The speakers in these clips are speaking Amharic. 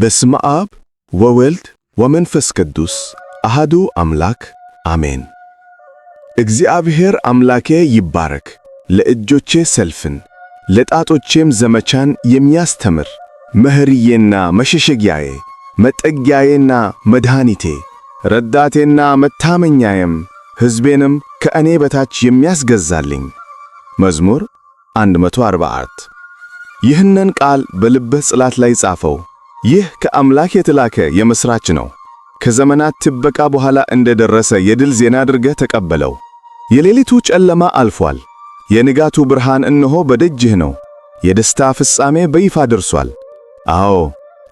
በስመ አብ ወወልድ ወመንፈስ ቅዱስ አሃዱ አምላክ አሜን። እግዚአብሔር አምላኬ ይባረክ። ለእጆቼ ሰልፍን ለጣቶቼም ዘመቻን የሚያስተምር መሕርዬና መሸሸጊያዬ መጠጊያዬና መድኃኒቴ ረዳቴና መታመኛዬም ሕዝቤንም ከእኔ በታች የሚያስገዛልኝ። መዝሙር 144 ይህንን ቃል በልብህ ጽላት ላይ ጻፈው። ይህ ከአምላክ የተላከ የምሥራች ነው። ከዘመናት ጥበቃ በኋላ እንደደረሰ የድል ዜና አድርገህ ተቀበለው። የሌሊቱ ጨለማ አልፏል። የንጋቱ ብርሃን እነሆ በደጅህ ነው። የደስታ ፍጻሜ በይፋ ደርሷል። አዎ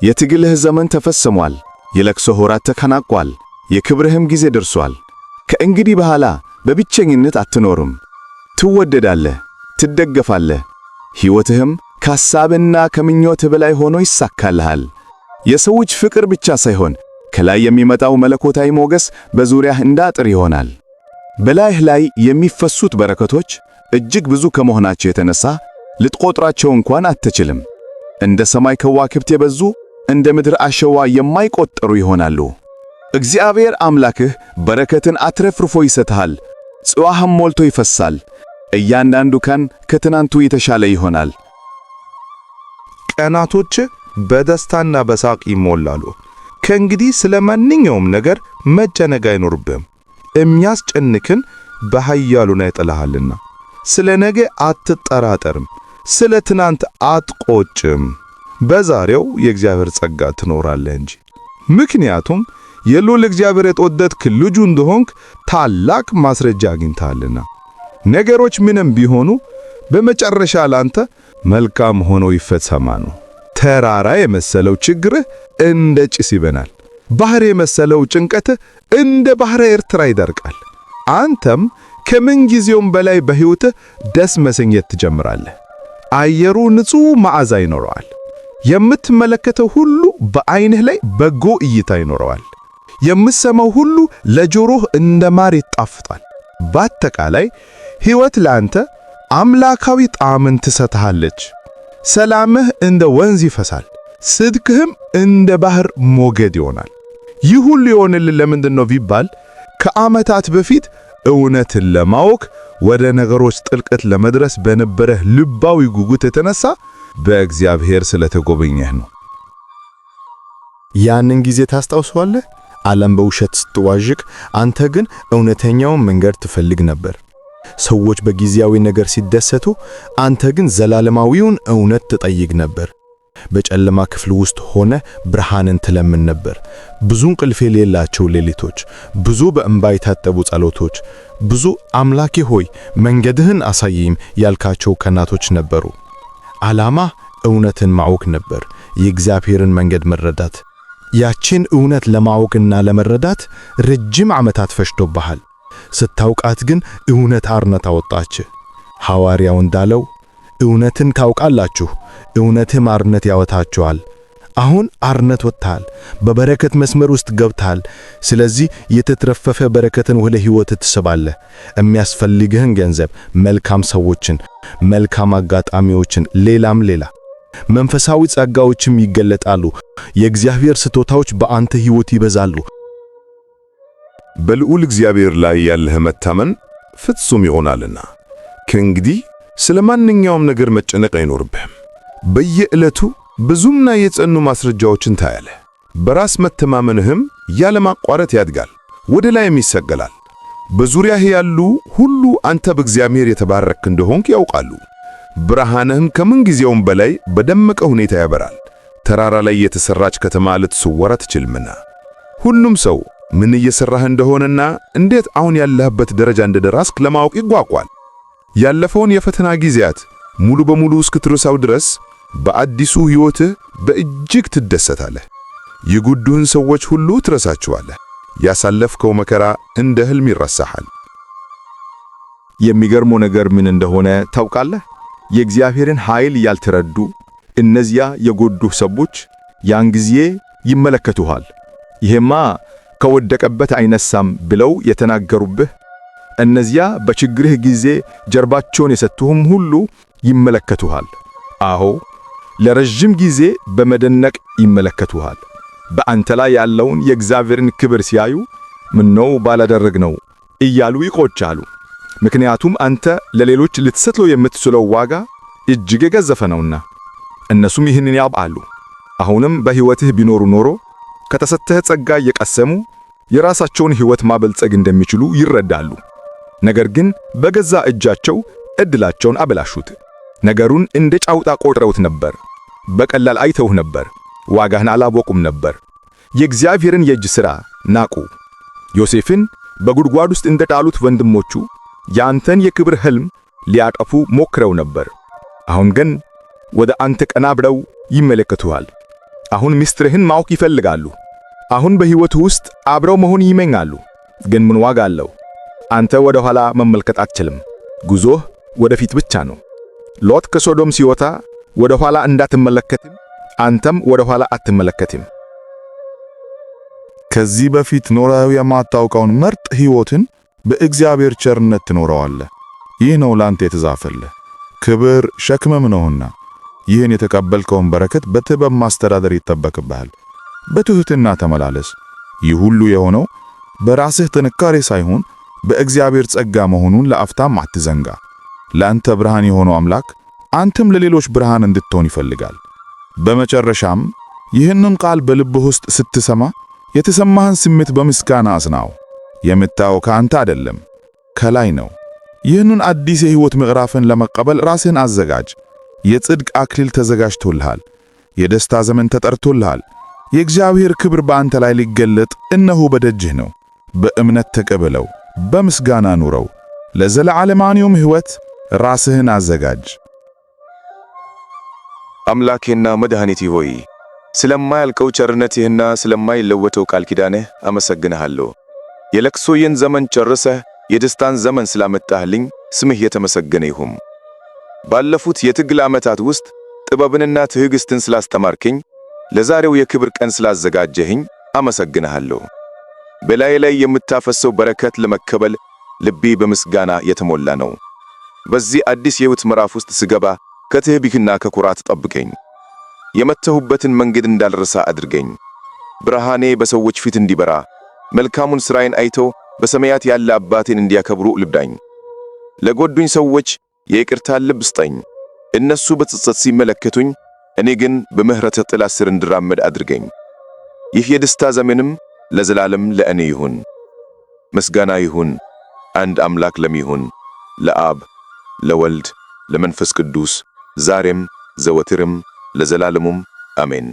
የትግልህ ዘመን ተፈጽሟል። የለቅሶ ሆራት ተከናቋል። የክብርህም ጊዜ ደርሷል። ከእንግዲህ በኋላ በብቸኝነት አትኖርም። ትወደዳለህ፣ ትደገፋለህ። ሕይወትህም ከሐሳብና ከምኞትህ በላይ ሆኖ ይሳካልሃል። የሰዎች ፍቅር ብቻ ሳይሆን ከላይ የሚመጣው መለኮታዊ ሞገስ በዙሪያህ እንደ አጥር ይሆናል። በላይህ ላይ የሚፈሱት በረከቶች እጅግ ብዙ ከመሆናቸው የተነሳ ልትቆጥራቸው እንኳን አትችልም። እንደ ሰማይ ከዋክብት የበዙ እንደ ምድር አሸዋ የማይቆጠሩ ይሆናሉ። እግዚአብሔር አምላክህ በረከትን አትረፍርፎ ይሰጥሃል፣ ጽዋህም ሞልቶ ይፈሳል። እያንዳንዱ ቀን ከትናንቱ የተሻለ ይሆናል። ቀናቶችህ በደስታና በሳቅ ይሞላሉ። ከእንግዲህ ስለ ማንኛውም ነገር መጨነቅ አይኖርብህም፣ የሚያስጨንቅን ላይ ይጥልሃልና። ስለ ነገ አትጠራጠርም፣ ስለ ትናንት አትቆጭም። በዛሬው የእግዚአብሔር ጸጋ ትኖራለህ እንጂ ምክንያቱም የልዑል እግዚአብሔር የተወደድክ ልጁ እንደሆንክ ታላቅ ማስረጃ አግኝታልና። ነገሮች ምንም ቢሆኑ በመጨረሻ ላንተ መልካም ሆነው ይፈጸማሉ። ተራራ የመሰለው ችግርህ እንደ ጭስ ይበናል። ባህር የመሰለው ጭንቀትህ እንደ ባህረ ኤርትራ ይደርቃል። አንተም ከምንጊዜውም በላይ በሕይወትህ ደስ መሰኘት ትጀምራለህ። አየሩ ንጹሕ መዓዛ ይኖረዋል። የምትመለከተው ሁሉ በዐይንህ ላይ በጎ እይታ ይኖረዋል። የምትሰማው ሁሉ ለጆሮህ እንደ ማር ይጣፍጣል። በአጠቃላይ ሕይወት ለአንተ አምላካዊ ጣዕምን ትሰጥሃለች። ሰላምህ እንደ ወንዝ ይፈሳል፣ ጽድቅህም እንደ ባህር ሞገድ ይሆናል። ይህ ሁሉ የሆነልን ለምንድን ነው ቢባል ከዓመታት በፊት እውነትን ለማወቅ ወደ ነገሮች ጥልቀት ለመድረስ በነበረህ ልባዊ ጉጉት የተነሳ በእግዚአብሔር ስለተጎበኘህ ነው። ያንን ጊዜ ታስታውሰዋለህ? ዓለም በውሸት ስትዋዥቅ፣ አንተ ግን እውነተኛውን መንገድ ትፈልግ ነበር። ሰዎች በጊዜያዊ ነገር ሲደሰቱ፣ አንተ ግን ዘላለማዊውን እውነት ትጠይቅ ነበር። በጨለማ ክፍል ውስጥ ሆነ ብርሃንን ትለምን ነበር። ብዙ እንቅልፍ የሌላቸው ሌሊቶች፣ ብዙ በእንባ የታጠቡ ጸሎቶች፣ ብዙ አምላኬ ሆይ መንገድህን አሳይም ያልካቸው ቀናቶች ነበሩ። ዓላማ እውነትን ማወቅ ነበር፣ የእግዚአብሔርን መንገድ መረዳት። ያችን እውነት ለማወቅና ለመረዳት ረጅም ዓመታት ፈጅቶብሃል። ስታውቃት ግን እውነት አርነት አወጣች። ሐዋርያው እንዳለው እውነትን ታውቃላችሁ፣ እውነትም አርነት ያወታችኋል። አሁን አርነት ወጥታል፣ በበረከት መስመር ውስጥ ገብታል። ስለዚህ የተትረፈፈ በረከትን ወደ ህይወት ትስባለህ። የሚያስፈልግህን ገንዘብ፣ መልካም ሰዎችን፣ መልካም አጋጣሚዎችን፣ ሌላም ሌላ መንፈሳዊ ጸጋዎችም ይገለጣሉ። የእግዚአብሔር ስጦታዎች በአንተ ህይወት ይበዛሉ። በልዑል እግዚአብሔር ላይ ያለህ መታመን ፍጹም ይሆናልና ከእንግዲህ ስለ ማንኛውም ነገር መጨነቅ አይኖርብህም። በየዕለቱ ብዙምና የጸኑ ማስረጃዎችን ታያለህ። በራስ መተማመንህም ያለማቋረጥ ያድጋል፣ ወደ ላይም ይሰገላል። በዙሪያህ ያሉ ሁሉ አንተ በእግዚአብሔር የተባረክ እንደሆንክ ያውቃሉ። ብርሃንህም ከምን ጊዜውም በላይ በደመቀ ሁኔታ ያበራል። ተራራ ላይ የተሰራች ከተማ ልትሰወር አትችልምና ሁሉም ሰው ምን እየሰራህ እንደሆነና እንዴት አሁን ያለህበት ደረጃ እንደደረስክ ለማወቅ ይጓጓል። ያለፈውን የፈተና ጊዜያት ሙሉ በሙሉ እስክትረሳው ድረስ በአዲሱ ሕይወትህ በእጅግ ትደሰታለህ። የጎዱህን ሰዎች ሁሉ ትረሳቸዋለህ። ያሳለፍከው መከራ እንደ ህልም ይረሳሃል። የሚገርመው ነገር ምን እንደሆነ ታውቃለህ? የእግዚአብሔርን ኃይል ያልተረዱ እነዚያ የጎዱህ ሰዎች ያን ጊዜ ይመለከቱሃል። ይሄማ ከወደቀበት አይነሳም ብለው የተናገሩብህ እነዚያ በችግርህ ጊዜ ጀርባቸውን የሰጡህም ሁሉ ይመለከቱሃል። አዎ ለረዥም ጊዜ በመደነቅ ይመለከቱሃል። በአንተ ላይ ያለውን የእግዚአብሔርን ክብር ሲያዩ ምነው ነው እያሉ ይቆጫሉ። ምክንያቱም አንተ ለሌሎች ልትሰጥለው የምትችለው ዋጋ እጅግ የገዘፈ ነውና፣ እነሱም ይህንን ያውቃሉ። አሁንም በሕይወትህ ቢኖሩ ኖሮ ከተሰጠህ ጸጋ እየቀሰሙ የራሳቸውን ሕይወት ማበልጸግ እንደሚችሉ ይረዳሉ። ነገር ግን በገዛ እጃቸው እድላቸውን አበላሹት። ነገሩን እንደ ጫውጣ ቆጥረውት ነበር። በቀላል አይተውህ ነበር። ዋጋህን አላወቁም ነበር። የእግዚአብሔርን የእጅ ሥራ ናቁ። ዮሴፍን በጉድጓድ ውስጥ እንደጣሉት ወንድሞቹ ያንተን የክብር ሕልም ሊያጠፉ ሞክረው ነበር። አሁን ግን ወደ አንተ ቀና ብለው ይመለከቱሃል። አሁን ሚስጥርህን ማወቅ ይፈልጋሉ። አሁን በህይወት ውስጥ አብረው መሆን ይመኛሉ። ግን ምን ዋጋ አለው? አንተ ወደ ኋላ መመልከት አትችልም። ጉዞህ ወደፊት ብቻ ነው። ሎጥ ከሶዶም ሲወጣ ወደ ኋላ እንዳትመለከትም አንተም ወደ ኋላ አትመለከትም። ከዚህ በፊት ኖራዊ የማታውቀውን ምርጥ ሕይወትን በእግዚአብሔር ቸርነት ትኖረዋለህ። ይህ ነው ላንተ የተዛፈለ ክብር ሸክምም ነውና ይህን የተቀበልከውን በረከት በጥበብ ማስተዳደር ይጠበቅብሃል። በትሕትና ተመላለስ። ይህ ሁሉ የሆነው በራስህ ጥንካሬ ሳይሆን በእግዚአብሔር ጸጋ መሆኑን ለአፍታም አትዘንጋ። ለአንተ ብርሃን የሆነው አምላክ አንተም ለሌሎች ብርሃን እንድትሆን ይፈልጋል። በመጨረሻም ይህንን ቃል በልብህ ውስጥ ስትሰማ የተሰማህን ስሜት በምስጋና አጽናው። የምታየው ከአንተ አይደለም፣ ከላይ ነው። ይህንን አዲስ የሕይወት ምዕራፍን ለመቀበል ራስህን አዘጋጅ። የጽድቅ አክሊል ተዘጋጅቶልሃል። የደስታ ዘመን ተጠርቶልሃል። የእግዚአብሔር ክብር በአንተ ላይ ሊገለጥ እነሆ በደጅህ ነው። በእምነት ተቀበለው፣ በምስጋና ኑረው። ለዘለዓለማዊውም ሕይወት ራስህን አዘጋጅ። አምላኬና መድኃኒቴ ሆይ ስለማያልቀው ቸርነትህና ስለማይለወጠው ቃል ኪዳንህ አመሰግንሃለሁ። የለቅሶዬን ዘመን ጨርሰህ የደስታን ዘመን ስላመጣህልኝ ስምህ የተመሰገነ ይሁን። ባለፉት የትግል ዓመታት ውስጥ ጥበብንና ትዕግስትን ስላስተማርከኝ፣ ለዛሬው የክብር ቀን ስላዘጋጀህኝ አመሰግንሃለሁ። በላዬ ላይ የምታፈሰው በረከት ለመከበል ልቤ በምስጋና የተሞላ ነው። በዚህ አዲስ የሕይወት ምዕራፍ ውስጥ ስገባ ከትዕቢትና ከኩራት ጠብቀኝ። የመተሁበትን መንገድ እንዳልረሳ አድርገኝ። ብርሃኔ በሰዎች ፊት እንዲበራ፣ መልካሙን ሥራዬን አይተው በሰማያት ያለ አባቴን እንዲያከብሩ ልብዳኝ። ለጎዱኝ ሰዎች የይቅርታን ልብ ስጠኝ። እነሱ በጸጸት ሲመለከቱኝ፣ እኔ ግን በምህረትህ ጥላ ስር እንድራመድ አድርገኝ። ይህ የደስታ ዘመንም ለዘላለም ለእኔ ይሁን። ምስጋና ይሁን አንድ አምላክ ለሚሆን ለአብ ለወልድ ለመንፈስ ቅዱስ ዛሬም ዘወትርም ለዘላለሙም አሜን።